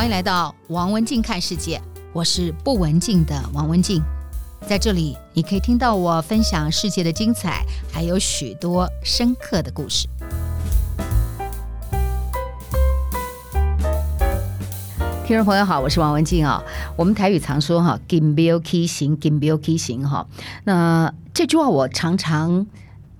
歡迎來到王文靜看世界，我是不文靜的王文靜，在這裡你可以聽到我分享世界的精彩，還有許多深刻的故事。聽眾朋友好，我是王文靜啊。我們台語常說哈，“金包 K 型，金包 K 型”哈。那這句話我常常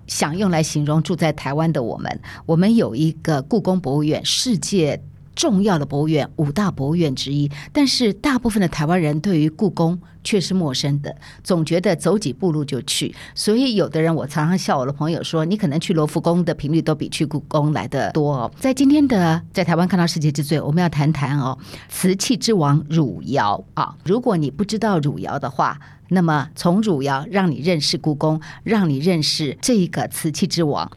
想用來形容住在台灣的我們。我們有一個故宮博物院，世界。重要的博物院，五大博物院之一，但是大部分的台灣人對於故宮卻是陌生的，總覺得走幾步路就去。所以有的人，我常常笑我的朋友說，你可能去羅浮宮的頻率都比去故宮來得多哦。在今天的在台灣看到世界之最，我們要談談哦，瓷器之王汝窑啊。如果你不知道汝窑的話，那麼從汝窑讓你認識故宮，讓你認識這個瓷器之王。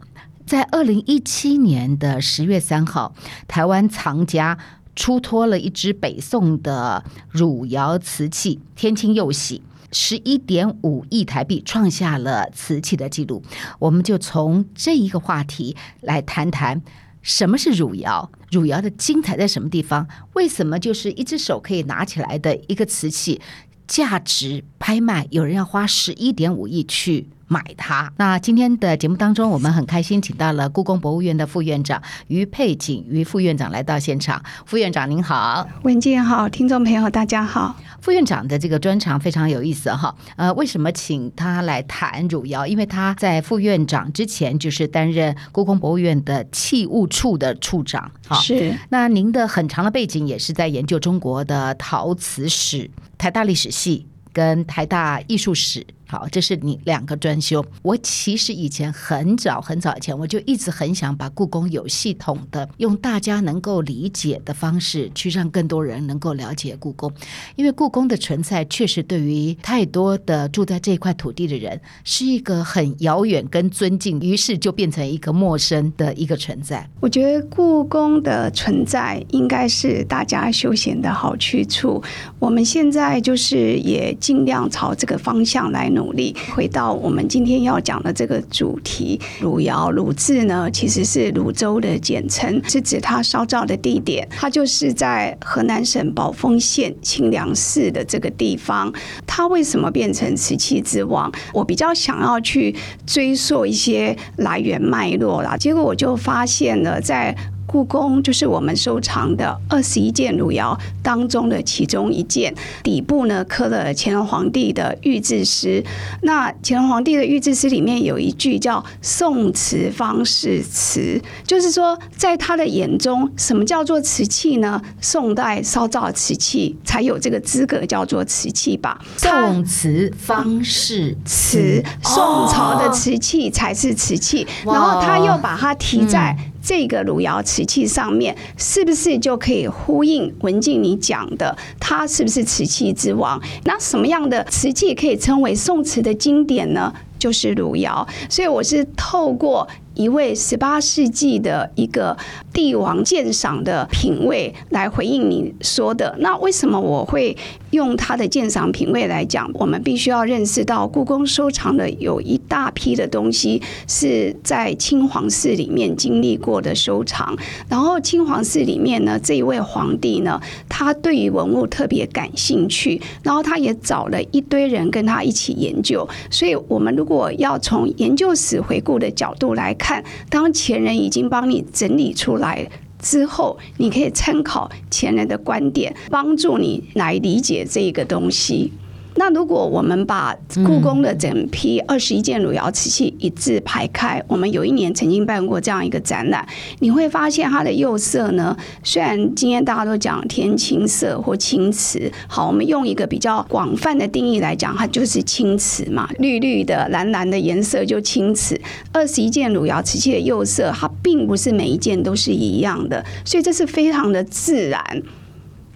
在二零一七年的十月三號，台灣藏家出脫了一只北宋的汝窯瓷器“天青釉洗”，十一點五億台幣創下了瓷器的紀錄。我們就從這一個話題來談談，什麼是汝窯？汝窯的精彩在什麼地方？為什麼就是一只手可以拿起來的一個瓷器，價值拍賣有人要花十一點五億去？買它。那今天的節目當中，我們很開心請到了故宮博物院的副院長余珮瑾。余副院長來到現場。副院長，您好，文靜好，聽眾朋友大家好。副院長的這個專長非常有意思哈。呃，為什麼請他來談汝窯？因為他在副院長之前就是擔任故宮博物院的器物處的處長，好，是。那您的很長的背景也是在研究中國的陶瓷史，台大歷史系跟台大藝術史。好，這是你兩個專修。我其實以前很早很早以前，我就一直很想把故宮有系統的用大家能夠理解的方式，去讓更多人能夠了解故宮。因為故宮的存在，確實對於太多的住在這塊土地的人，是一個很遙遠跟尊敬，於是就變成一個陌生的一個存在。我覺得故宮的存在應該是大家休閒的好去處。我們現在就是也盡量朝這個方向來努。努力。回到我們今天要講的這個主題，汝窯，汝字呢其實是汝州的簡稱，是指它燒造的地點，它就是在河南省寶豐縣清涼寺的這個地方。它為什麼變成瓷器之王？我比較想要去追溯一些來源脈絡啦，結果我就發現了在。故宮就是我們收藏的二十一件汝窯當中的其中一件，底部呢刻了乾隆皇帝的御製詩。那乾隆皇帝的御製詩裡面有一句叫“宋瓷方是瓷”，就是說在他的眼中，什麼叫做瓷器呢？宋代燒造瓷器才有這個資格叫做瓷器吧。宋瓷方是瓷，宋朝的瓷器才是瓷器，哦。然後他又把它提在。嗯這個汝窯瓷器上面，是不是就可以呼應文靜你講的，它是不是瓷器之王？那什麼樣的瓷器可以稱為宋瓷的經典呢？就是汝窯。所以我是透過。一位十八世紀的一個帝王鑑賞的品味來回應你說的。那為什麼我會用他的鑑賞品味來講？我們必須要認識到，故宮收藏的有一大批的東西是在清皇室裡面經歷過的收藏。然後，清皇室裡面呢，這一位皇帝呢，他對於文物特別感興趣，然後他也找了一堆人跟他一起研究。所以，我們如果要從研究史回顧的角度來看。看，當前人已經幫你整理出來之後，你可以參考前人的觀點，幫助你來理解這個東西。那如果我們把故宮的整批二十一件汝窯瓷器一字排開，嗯，我們有一年曾經辦過這樣一個展覽，你會發現它的釉色呢，雖然今天大家都講天青色或青瓷，好，我們用一個比較廣泛的定義來講，它就是青瓷嘛，綠綠的、藍藍的顏色就青瓷。二十一件汝窯瓷器的釉色，它並不是每一件都是一樣的，所以這是非常的自然。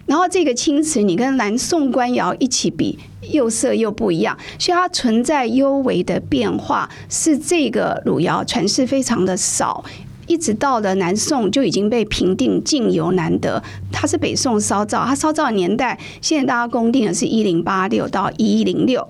然後這個青瓷，你跟南宋官窑一起比，釉色又不一樣，所以它存在幽微的變化。是這個汝窑傳世非常的少，一直到了南宋就已經被評定近尤難得。它是北宋燒造，它燒造的年代，現在大家公定的是一零八六到一一零六。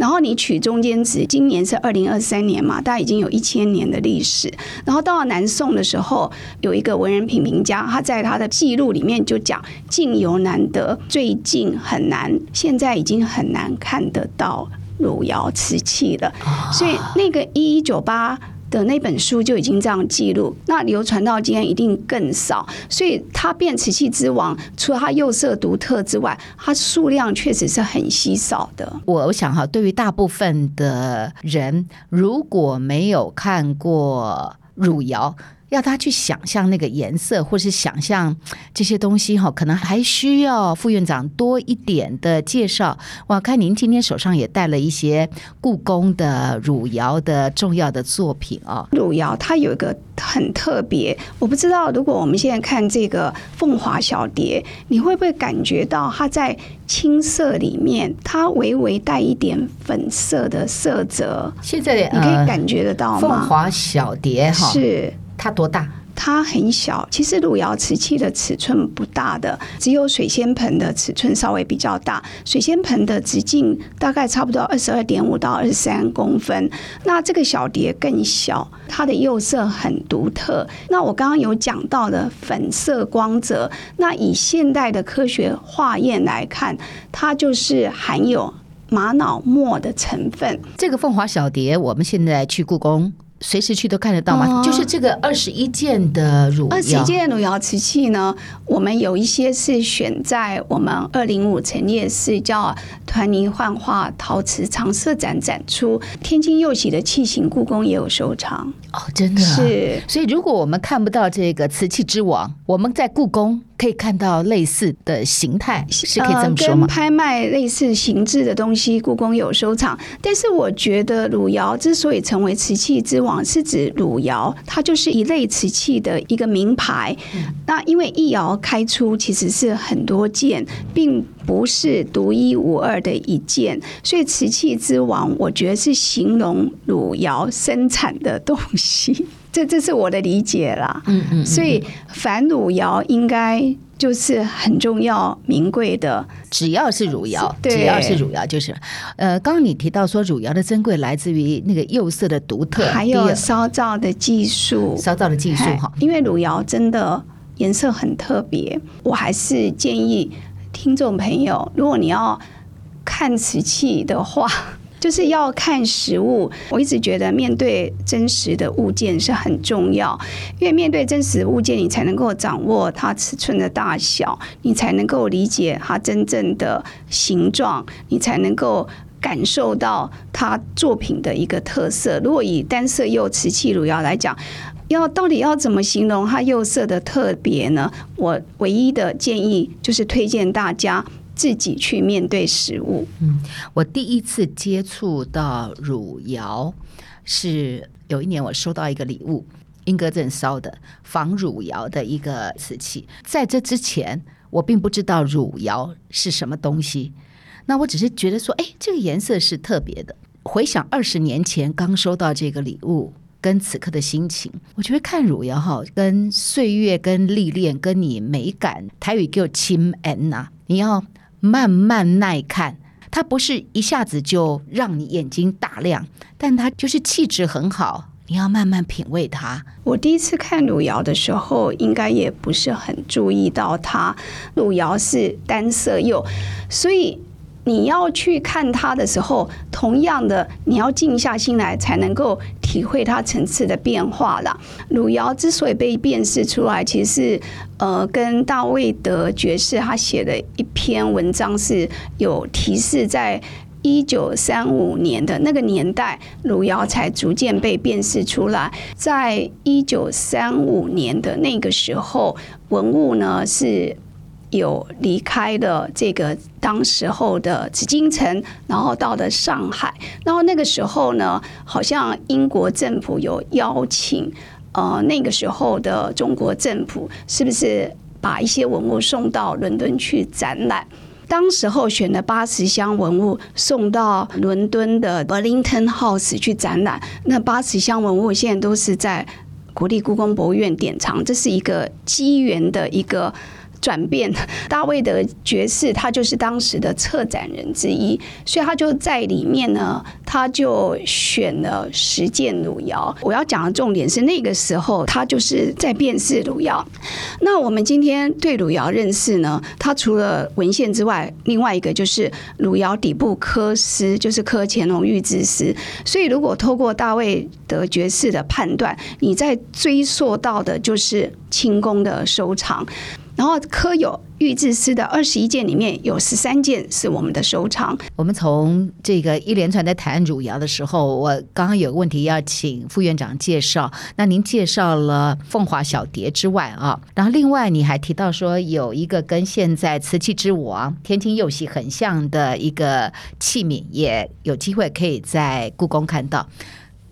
然後你取中間值，今年是二零二三年嘛，大概已經有一千年的歷史。然後到了南宋的時候，有一個文人品評家，他在他的記錄裡面就講，近尤難得，最近很難，現在已經很難看得到汝窑瓷器了。啊。所以那個一一九八。的那本書就已經這樣記錄，那流傳到今天一定更少。所以它變瓷器之王，除了它釉色獨特之外，它數量確實是很稀少的。我我想哈，對於大部分的人，如果沒有看過汝窯。要他去想象那個顏色，或是想象這些東西哈，可能還需要副院長多一點的介紹。哇，看您今天手上也帶了一些故宮的汝窯的重要的作品哦。汝窯它有一個很特別，我不知道如果我們現在看這個奉華小碟，你會不會感覺到它在青色裡面，它微微帶一點粉色的色澤？現在、呃、你可以感覺得到嗎？奉華小碟哈是，它多大？它很小。其實汝窯瓷器的尺寸不大的，只有水仙盆的尺寸稍微比較大。水仙盆的直徑大概差不多二十二點五到二十三公分。那這個小碟更小，它的釉色很獨特。那我剛剛有講到的粉色光澤，那以現代的科學化驗來看，它就是含有瑪瑙末的成分。這個鳳凰小碟，我們現在去故宮。隨時去都看得到嗎？Uh -huh. 就是這個二十一件的汝，二十一件的汝窑瓷器呢，我們有一些是選在我們二零五陳列室叫。團泥幻化陶瓷常設展展出，天青釉洗的器型，故宮也有收藏哦，真的、啊。是，所以如果我們看不到這個瓷器之王，我們在故宮可以看到類似的形態，是可以這麼說嗎？呃、跟拍賣類似形制的東西，故宮有收藏。但是我覺得汝窯之所以成為瓷器之王，是指汝窯，它就是一類瓷器的一個名牌。嗯、那因為一窯開出其實是很多件，並。不是獨一無二的一件，所以瓷器之王，我覺得是形容汝窯生產的東西， 這這是我的理解啦。嗯嗯，所以凡汝窯應該就是很重要、名貴的。只要是汝窯，只要是汝窯就是。呃，剛剛你提到說汝窯的珍貴來自於那個釉色的獨特，還有燒造的技術，燒造的技術哈。因為汝窯真的顏色很特別，我還是建議。聽眾朋友，如果你要看瓷器的話，就是要看實物。我一直覺得，面對真實的物件是很重要，因為面對真實物件，你才能夠掌握它尺寸的大小，你才能夠理解它真正的形狀，你才能夠感受到它作品的一個特色。如果以單色釉瓷器汝窯來講，要到底要怎麼形容它釉色的特別呢？我唯一的建議就是推薦大家自己去面對實物。嗯，我第一次接觸到汝窯是有一年，我收到一個禮物，鶯歌鎮燒的仿汝窯的一個瓷器。在這之前，我並不知道汝窯是什麼東西，那我只是覺得說，哎，這個顏色是特別的。回想二十年前剛收到這個禮物，跟此刻的心情，我覺得看汝窯哈，跟歲月、跟歷練、跟你美感，台語叫“親恩啊”吶，你要慢慢耐看，它不是一下子就讓你眼睛大亮，但它就是氣質很好，你要慢慢品味它。我第一次看汝窯的時候，應該也不是很注意到它，汝窯是單色釉，所以。你要去看它的時候，同樣的，你要靜下心來，才能夠體會它層次的變化了。汝窯之所以被辨識出來，其實呃，跟大衛德爵士他寫的一篇文章是有提示，在一九三五年的那個年代，汝窯才逐漸被辨識出來。在一九三五年的那個時候，文物呢是。有離開了這個當時候的紫禁城，然後到了上海。然後那個時候呢，好像英國政府有邀請，呃，那個時候的中國政府是不是把一些文物送到倫敦去展覽？當時候選的八十箱文物送到倫敦的 Burlington House 去展覽。那八十箱文物現在都是在國立故宮博物院典藏，這是一個機緣的一個。轉變，大衛的爵士他就是當時的策展人之一，所以他就在裡面呢，他就選了十件汝窯。我要講的重點是那個時候他就是在辨識汝窯。那我們今天對汝窯認識呢，它，除了文獻之外，另外一個就是汝窯底部刻詩，就是刻乾隆御制詩。所以如果透過大衛的爵士的判斷，你在追溯到的就是清宮的收藏。然後，刻有御製詩的二十一件，裡面有十三件是我們的收藏。我們從這個一連串的談汝窯的時候，我剛剛有個問題要請副院長介紹。那您介紹了奉華小碟之外啊，然後另外你還提到說有一個跟現在瓷器之王天青釉器很像的一個器皿，也有機會可以在故宮看到。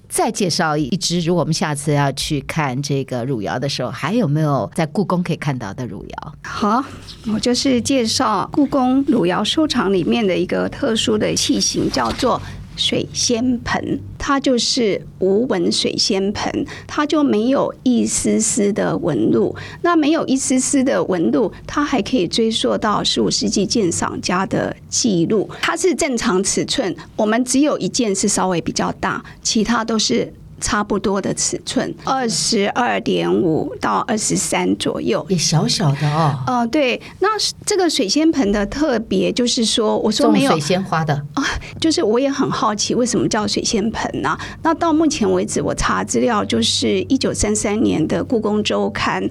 再介紹一隻，如果我們下次要去看這個汝窯的時候，還有沒有在故宮可以看到的汝窯？好，我就是介紹故宮汝窯收藏裡面的一個特殊的器型，叫做水仙盆，它就是無紋水仙盆，它就沒有一絲絲的紋路。那沒有一絲絲的紋路，它還可以追溯到十五世紀鑑賞家的記錄。它是正常尺寸，我們只有一件是稍微比較大，其他都是。差不多的尺寸，二十二點五到二十三左右，也小小的哦。哦、嗯呃，對，那這個水仙盆的特別就是說，我說沒有水仙花的啊、呃，就是我也很好奇為什麼叫水仙盆呢、啊？那到目前為止，我查資料就是一九三三年的《故宮週刊》。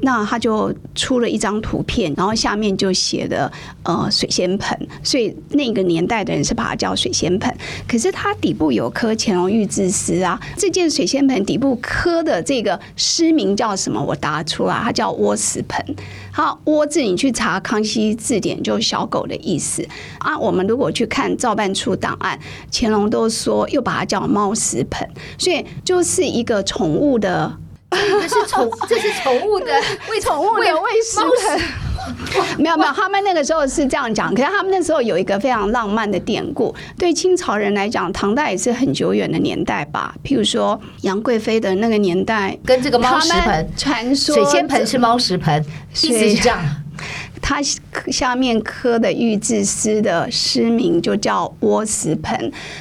那他就出了一張圖片，然後下面就寫的呃水仙盆，所以那個年代的人是把它叫水仙盆。可是它底部有刻乾隆御製詩啊，這件水仙盆底部刻的這個詩名叫什麼？我答出來，它叫猧食盆。好，猧字你去查《康熙字典》，就是小狗的意思啊。我們如果去看造辦處檔案，乾隆都說又把它叫貓食盆，所以就是一個寵物的。 這是寵，這是寵物的餵寵物的餵食盆。沒有沒有，他們那個時候是這樣講。可是他們那時候有一個非常浪漫的典故，對清朝人來講，唐代也是很久遠的年代吧。譬如說楊貴妃的那個年代，跟這個貓食盆，傳說，水仙盆是貓食盆，意思是這樣。他下面刻的御製詩的詩名就叫《猧食盆》，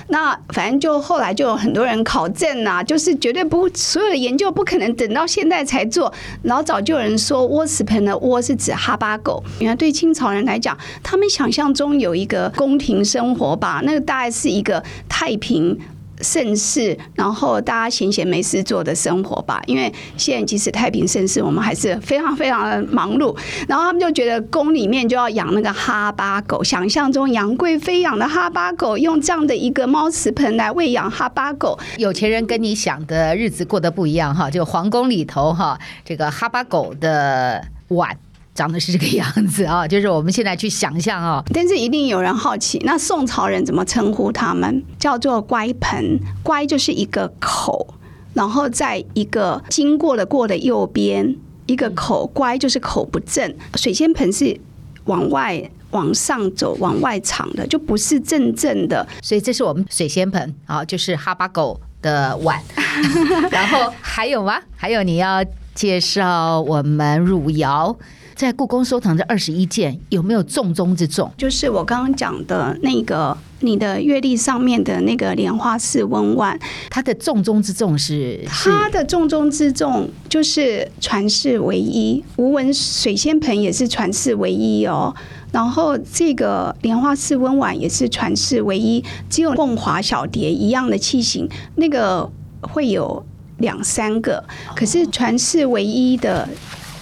那反正就後來就有很多人考證吶、啊，就是絕對不，所有的研究不可能等到現在才做，老早就有人說《猧食盆》的猧是指哈巴狗。你看，對清朝人來講，他們想象中有一個宮廷生活吧，那個大概是一個太平。盛世，然後大家閒閒沒事做的生活吧。因為現在即使太平盛世，我們還是非常非常的忙碌。然後他們就覺得宮裡面就要養那個哈巴狗，想象中楊貴妃養的哈巴狗，用這樣的一個貓食盆來餵養哈巴狗。有錢人跟你想的日子過得不一樣哈，就皇宮裡頭哈，這個哈巴狗的碗。長得是這個樣子啊，就是我們現在去想象啊。但是一定有人好奇，那宋朝人怎麼稱呼他們？叫做“乖盆”，“乖”就是一個口，然後在一個經過的“過”的右邊一個口，“乖”就是口不正。水仙盆是往外往上走，往外敞的，就不是正正的。所以這是我們水仙盆啊，就是哈巴狗的碗。 然後還有嗎？還有你要介紹我們汝窯。在故宮收藏的二十一件，有沒有重中之重？就是我剛剛講的那個，你的月曆上面的那個蓮花式溫碗，它的重中之重是，是它的重中之重就是傳世唯一。無紋水仙盆也是傳世唯一哦，然後這個蓮花式溫碗也是傳世唯一，只有鳳華小碟一樣的器型，那個會有兩三個，哦。可是傳世唯一的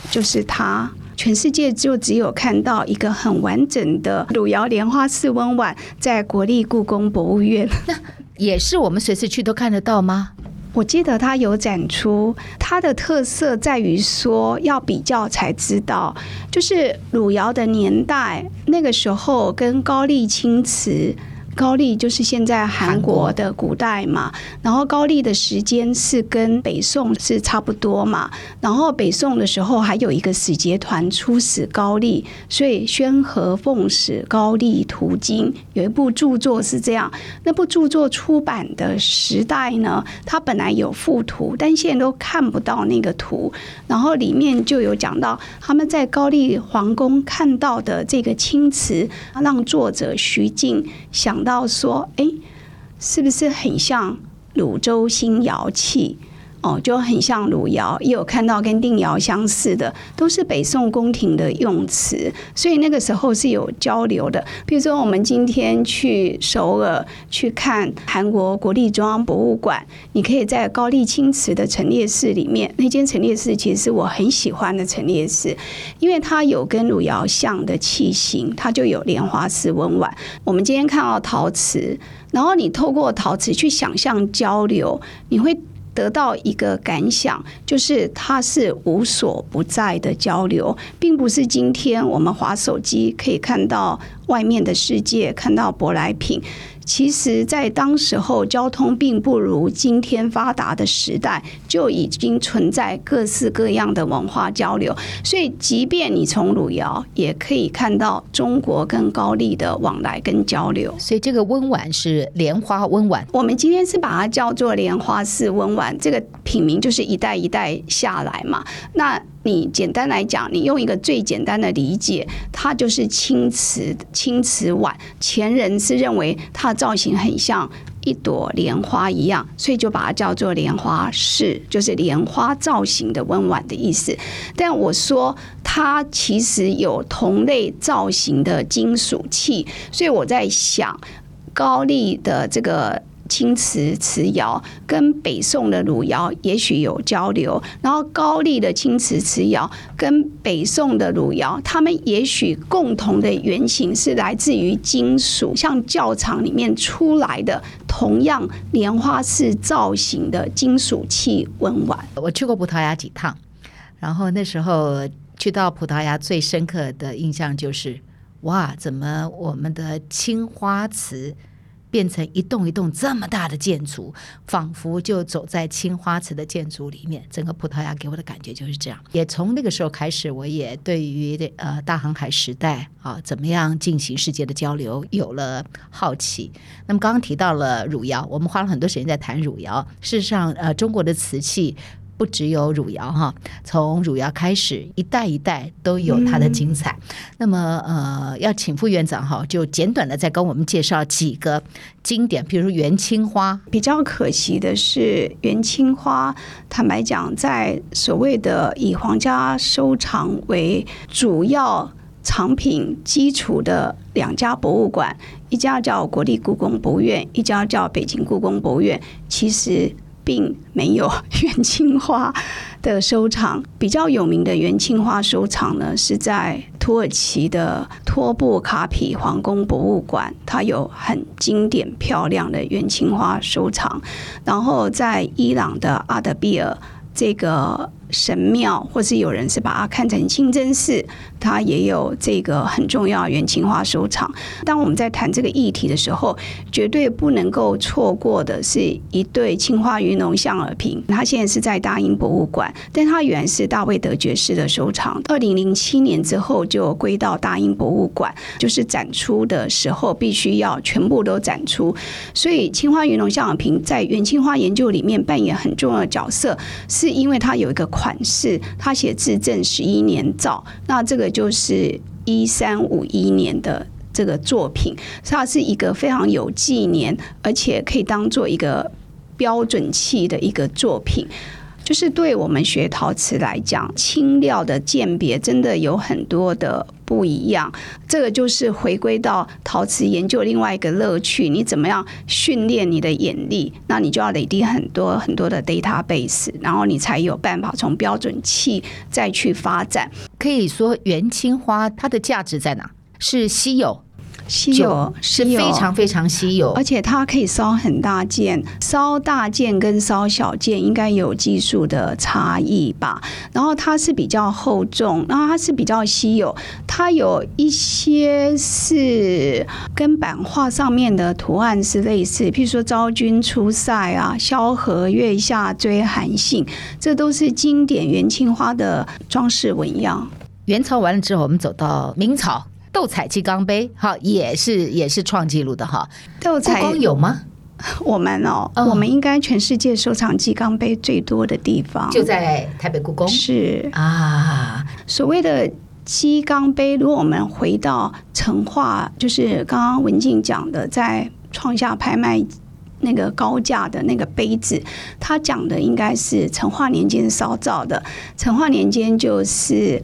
就是它。全世界就只有看到一個很完整的汝窯蓮花式溫碗，在國立故宮博物院。那也是我們隨時去都看得到嗎？我記得它有展出，它的特色在於說要比較才知道，就是汝窯的年代，那個時候跟高麗青瓷。高麗就是現在韓國的古代嘛，然後高麗的時間是跟北宋是差不多嘛，然後北宋的時候還有一個使節團出使高麗，所以宣和奉使高麗圖經有一部著作是這樣，那部著作出版的時代呢，它本來有附圖，但現在都看不到那個圖，然後裡面就有講到他們在高麗皇宮看到的這個青瓷，讓作者徐兢想。到說，哎、欸，是不是很像汝州新窯器？哦，就很像汝窯，也有看到跟定窯相似的，都是北宋宮廷的用瓷，所以那個時候是有交流的。比如說，我們今天去首爾去看韓國國立中央博物館，你可以在高麗青瓷的陳列室裡面，那間陳列室其實是我很喜歡的陳列室，因為它有跟汝窯像的器型，它就有蓮花式溫碗。我們今天看到陶瓷，然後你透過陶瓷去想象交流，你會。得到一個感想，就是它是無所不在的交流，並不是今天我們滑手機可以看到外面的世界，看到舶來品。其實，在當時候交通並不如今天發達的時代，就已經存在各式各樣的文化交流。所以，即便你從汝窑也可以看到中國跟高麗的往來跟交流。所以，這個溫碗是蓮花溫碗，我們今天是把它叫做蓮花式溫碗。這個品名就是一代一代下來嘛。那你簡單來講，你用一個最簡單的理解，它就是青瓷、青瓷碗。前人是認為它的造型很像一朵蓮花一樣，所以就把它叫做蓮花式，就是蓮花造型的溫碗的意思。但我說它其實有同類造型的金屬器，所以我在想，高麗的這個。青瓷瓷窯跟北宋的汝窯也許有交流，然後高麗的青瓷瓷窯跟北宋的汝窯，他們也許共同的原型是來自於金屬，像窖藏裡面出來的同樣蓮花式造型的金屬器溫碗。我去過葡萄牙幾趟，然後那時候去到葡萄牙最深刻的印象就是，哇，怎麼我們的青花瓷變成一棟一棟這麼大的建築，仿佛就走在青花瓷的建築裡面。整個葡萄牙給我的感覺就是這樣。也從那個時候開始，我也對於這呃大航海時代啊，怎麼樣進行世界的交流有了好奇。那麼剛剛提到了汝窑，我們花了很多時間在談汝窑。事實上，呃，中國的瓷器。不只有汝窯哈，從汝窯開始，一代一代都有它的精彩。嗯、那麼，呃，要請副院長哈，就簡短的再跟我們介紹幾個經典，比如說元青花。比較可惜的是，元青花，坦白講，在所謂的以皇家收藏為主要藏品基礎的兩家博物館，一家叫國立故宮博物院，一家叫北京故宮博物院，其實。並沒有元青花的收藏，比較有名的元青花收藏呢，是在土耳其的托布卡皮皇宮博物館，它有很經典漂亮的元青花收藏。然後在伊朗的阿德比爾這個神廟，或是有人是把它看成清真寺。它也有這個很重要，元青花收藏。當我們在談這個議題的時候，絕對不能夠錯過的是一對青花雲龍象耳瓶。它現在是在大英博物館，但它原是大衛德爵士的收藏。二零零七年之後就歸到大英博物館，就是展出的時候必須要全部都展出。所以青花雲龍象耳瓶在元青花研究裡面扮演很重要的角色，是因為它有一個款式，它寫“至正十一年”造。那這個。這個、就是一三五一年的這個作品，它是一個非常有紀年，而且可以當做一個標準器的一個作品。就是對我們學陶瓷來講，青料的鑑別真的有很多的不一樣。這個就是回歸到陶瓷研究另外一個樂趣，你怎麼樣訓練你的眼力？那你就要累積很多很多的 database，然後你才有辦法從標準器再去發展。可以說，元青花它的價值在哪？是稀有。稀有是非常非常稀有，稀有，而且它可以燒很大件，燒大件跟燒小件應該有技術的差異吧。然後它是比較厚重，然後它是比較稀有，它有一些是跟版畫上面的圖案是類似，譬如說昭君出塞啊、蕭何月下追韓信，這都是經典元青花的裝飾紋樣。元朝完了之後，我們走到明朝。鬥彩雞缸杯，哈，也是也是創紀錄的哈。斗彩，有嗎？我們、喔、哦，我們應該全世界收藏雞缸杯最多的地方就在台北故宮。是啊，所謂的雞缸杯，如果我們回到成化，就是剛剛文靜講的，在創下拍賣那個高價的那個杯子，他講的應該是成化年間燒造的。成化年間就是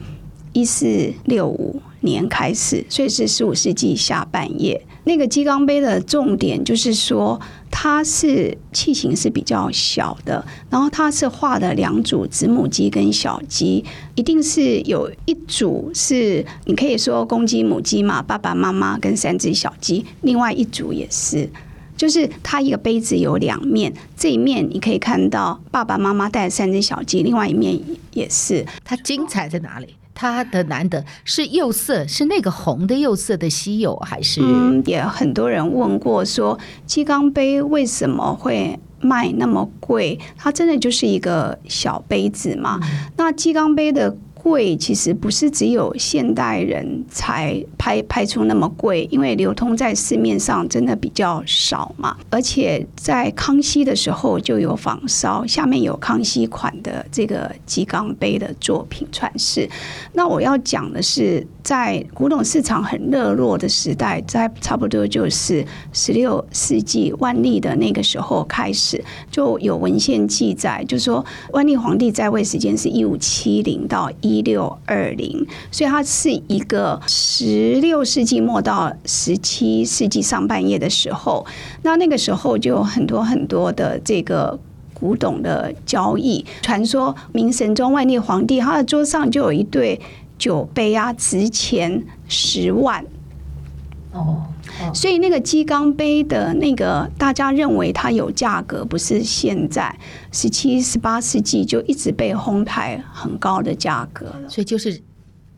一四六五。年開始，所以是十五世紀下半葉。那個雞缸杯的重點就是說，它是器型是比較小的，然後它是畫的兩組子母雞跟小雞，一定是有一組是你可以說公雞母雞嘛，爸爸媽媽跟三隻小雞，另外一組也是，就是它一個杯子有兩面，這一面你可以看到爸爸媽媽帶三隻小雞，另外一面也是。它精彩在哪裡？它的難得是釉色，是那個紅的釉色的稀有，還是？嗯，也很多人問過說，說雞缸杯為什麼會賣那麼貴？它真的就是一個小杯子嗎？嗯、那雞缸杯的。貴其實不是只有現代人才拍拍出那麼貴，因為流通在市面上真的比較少嘛。而且在康熙的時候就有仿燒，下面有康熙款的這個雞缸杯的作品傳世。那我要講的是，在古董市場很熱絡的時代，在差不多就是十六世紀萬曆的那個時候開始，就有文獻記載，就說萬曆皇帝在位時間是一五七零到一一六二零，所以它是一個十六世紀末到十七世紀上半葉的時候，那那個時候就有很多很多的這個古董的交易。傳說明神宗萬曆皇帝他的桌上就有一對酒杯啊，值錢十萬。哦。Oh. 所以那個雞缸杯的那個，大家認為它有價格，不是現在十七、十八世紀就一直被哄抬很高的價格了。所以就是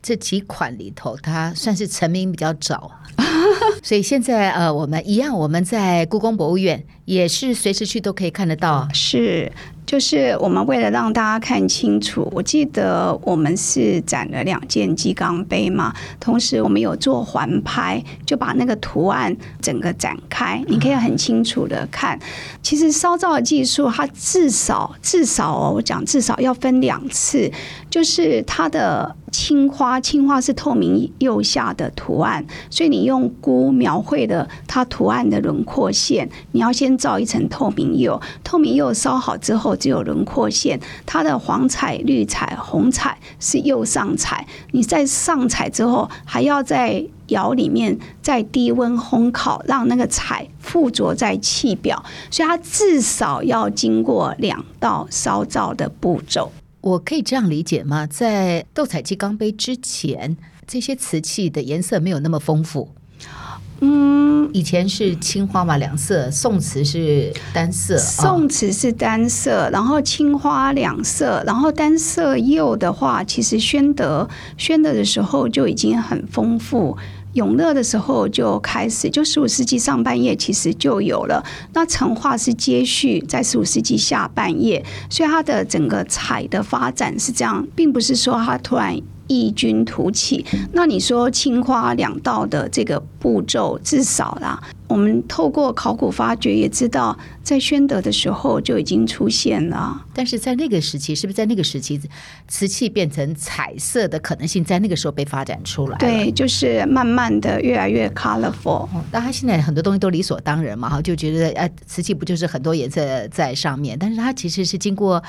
這幾款裡頭，它算是成名比較早。 所以現在呃，我們一樣，我們在故宮博物院也是隨時去都可以看得到啊。是。就是我們為了讓大家看清楚，我記得我們是展了兩件雞缸杯嘛，同時我們有做環拍，就把那個圖案整個展開，你可以很清楚的看。嗯、其實燒造技術，它至少至少、哦、我講至少要分兩次，就是它的。青花，青花是透明釉下的圖案，所以你用鈷描繪的它圖案的輪廓線，你要先造一層透明釉，透明釉燒好之後只有輪廓線。它的黃彩、綠彩、紅彩是釉上彩，你在上彩之後，還要在窯裡面再低溫烘烤，讓那個彩附着在器表，所以它至少要經過兩道燒造的步驟。我可以這樣理解嗎？在鬥彩雞缸杯之前，這些瓷器的顏色沒有那麼豐富。嗯，以前是青花嘛，兩色；宋瓷是單色，宋瓷是單色，哦，然後青花兩色，然後單色釉的話，其實宣德、宣德的時候就已經很豐富。永樂的時候就開始，就十五世紀上半葉其實就有了。那成化是接續在十五世紀下半葉，所以它的整個彩的發展是這樣，並不是說它突然異軍突起。那你說青花兩道的這個步驟，至少啦。我們透過考古發掘也知道，在宣德的時候就已經出現了。但是在那個時期，是不是在那個時期瓷器變成彩色的可能性，在那個時候被發展出來？對，就是慢慢的越來越 colorful。那、哦、他、哦、現在很多東西都理所當然嘛，哈，就覺得哎、呃，瓷器不就是很多顏色在上面？但是他其實是經過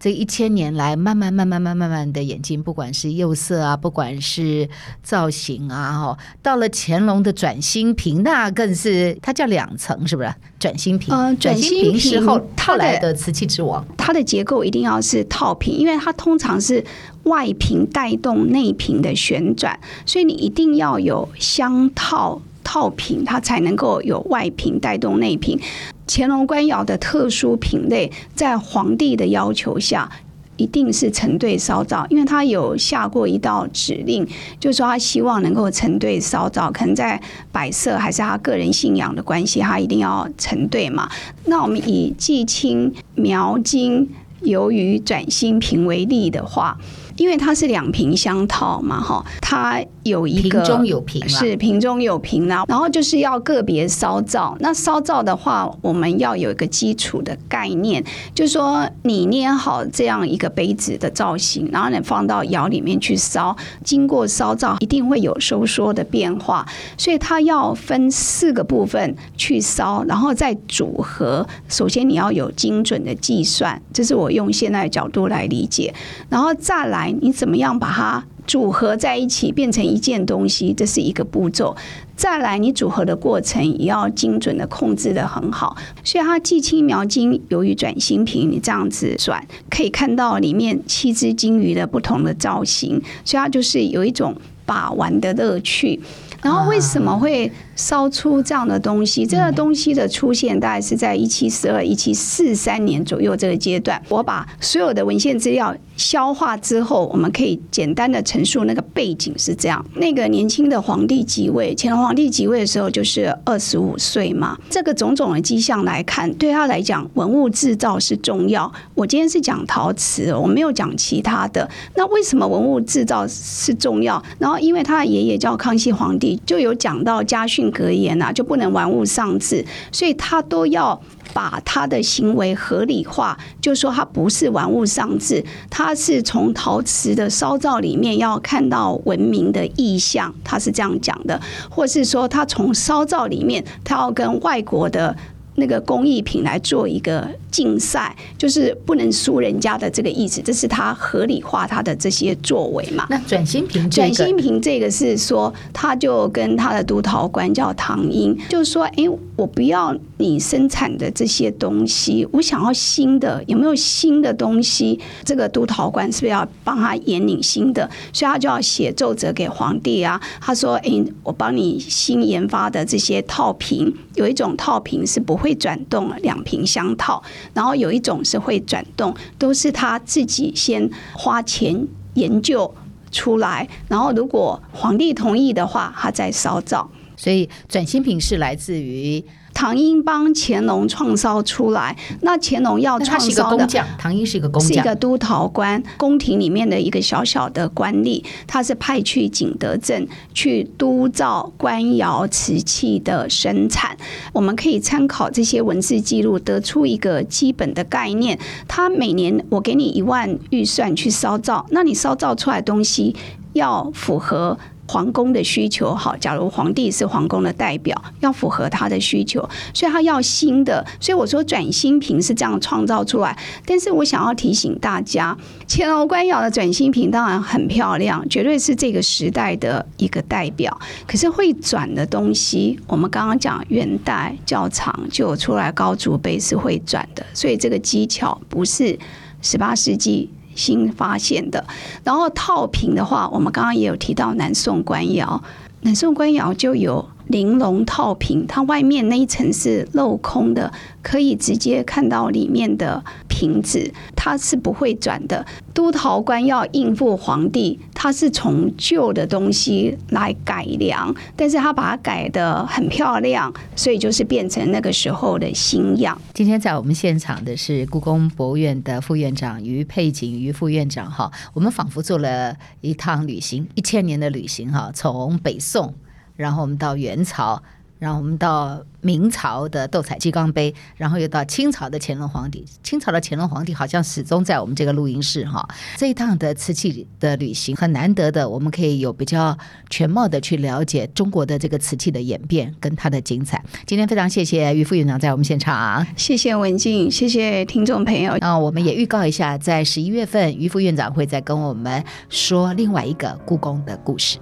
這一千年來慢慢慢慢慢慢慢的演進，不管是釉色啊，不管是造型啊，哈，到了乾隆的轉心瓶，那更是。它叫兩層，是不是轉心瓶？型嗯，轉心瓶是後套來的瓷器之王它，它的結構一定要是套瓶，因為它通常是外瓶帶動內瓶的旋轉，所以你一定要有鑲套套瓶，它才能夠有外瓶帶動內瓶。乾隆官窯的特殊品類，在皇帝的要求下，一定是成對燒造，因為他有下過一道指令，就是說他希望能夠成對燒造，可能在擺設還是他個人信仰的關係，他一定要成對嘛。那我們以霽青描金游魚轉心瓶為例的話，因為它是兩瓶相套嘛，哈，它。有一個瓶中有瓶、啊、是瓶中有瓶、啊、然後就是要個別燒造。那燒造的話，我們要有一個基礎的概念，就是說你捏好這樣一個杯子的造型，然後你放到窑裡面去燒。經過燒造，一定會有收縮的變化，所以它要分四個部分去燒，然後再組合。首先你要有精準的計算，這是我用現在的角度來理解，然後再來你怎麼樣把它。組合在一起變成一件東西，這是一個步驟。再來，你組合的過程也要精準的控制得很好。所以它既輕描金，又有轉心瓶，你這樣子轉，可以看到裡面七隻金魚的不同的造型。所以它就是有一種把玩的樂趣。然後為什麼會？燒出這樣的東西，這個東西的出現大概是在一七四二一七四三年左右這個階段。我把所有的文獻資料消化之後，我們可以簡單的陳述那個背景是這樣：那個年輕的皇帝即位，乾隆皇帝即位的時候就是二十五歲嘛。這個種種的跡象來看，對他來講，文物制造是重要。我今天是講陶瓷，我沒有講其他的。那為什麼文物制造是重要？然後因為他的爺爺叫康熙皇帝，就有講到家訓。格言啊，就不能玩物喪志，所以他都要把他的行為合理化，就說他不是玩物喪志，他是從陶瓷的燒造裡面要看到文明的意象，他是這樣講的，或是說他從燒造裡面，他要跟外國的。那個工藝品來做一個競賽，就是不能輸人家的這個意思，這是他合理化他的這些作為嘛？那轉心瓶這個，轉心瓶這個是說，他就跟他的督陶官叫唐英，就說：“哎、欸，我不要。”你生產的這些東西，我想要新的，有沒有新的東西？這個督陶官是不是要幫他引領新的？所以他就要寫奏摺給皇帝啊。他說：“誒、欸，我幫你新研發的這些套瓶，有一種套瓶是不會轉動，兩瓶相套；然後有一種是會轉動，都是他自己先花錢研究出來。然後如果皇帝同意的話，他再燒造。所以，轉心瓶是來自於。”唐英幫乾隆創燒出來，那乾隆要創一個工匠。唐英是一個工匠，是一個督陶官，宮廷裡面的一個小小的官吏。他是派去景德鎮去督造官窯瓷器的生產。我們可以參考這些文字記錄，得出一個基本的概念。他每年我給你一萬預算去燒造，那你燒造出來的東西要符合，皇宮的需求，好，假如皇帝是皇宮的代表，要符合他的需求，所以他要新的，所以我說轉心瓶是這樣創造出來。但是我想要提醒大家，乾隆官窯的轉心瓶當然很漂亮，絕對是這個時代的一個代表。可是會轉的東西，我們剛剛講元代窖藏就有出來高足杯是會轉的，所以這個技巧不是十八世紀新發現的，然後套瓶的話，我們剛剛也有提到南宋官窯，南宋官窯就有玲瓏套瓶，它外面那一層是鏤空的，可以直接看到裡面的瓶子。它是不會轉的。督陶官要應付皇帝，他是從舊的東西來改良，但是他把它改得很漂亮，所以就是變成那個時候的新樣。今天在我們現場的是故宮博物院的副院長余珮瑾，余副院長哈，我們仿佛做了一趟旅行，一千年的旅行哈，從北宋，然後我們到元朝。然後我們到明朝的鬥彩雞缸杯，然後又到清朝的乾隆皇帝。清朝的乾隆皇帝好像始終在我們這個錄音室哈。這一趟的瓷器的旅行很難得的，我們可以有比較全貌的去了解中國的這個瓷器的演變跟它的精彩。今天非常謝謝余副院長在我們現場啊。謝謝文靜，謝謝聽眾朋友。那我們也預告一下，在十一月份，余副院長會再跟我們說另外一個故宮的故事。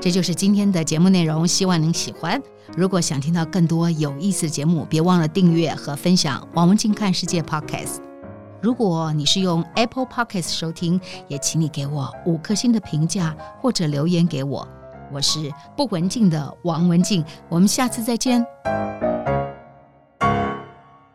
這就是今天的節目內容，希望您喜歡。如果想聽到更多有意思的節目，別忘了訂閱和分享《王文靜看世界》Podcast。如果你是用 Apple Podcast 收聽，也請你給我五顆星的評價或者留言給我。我是不文靜的王文靜，我們下次再見。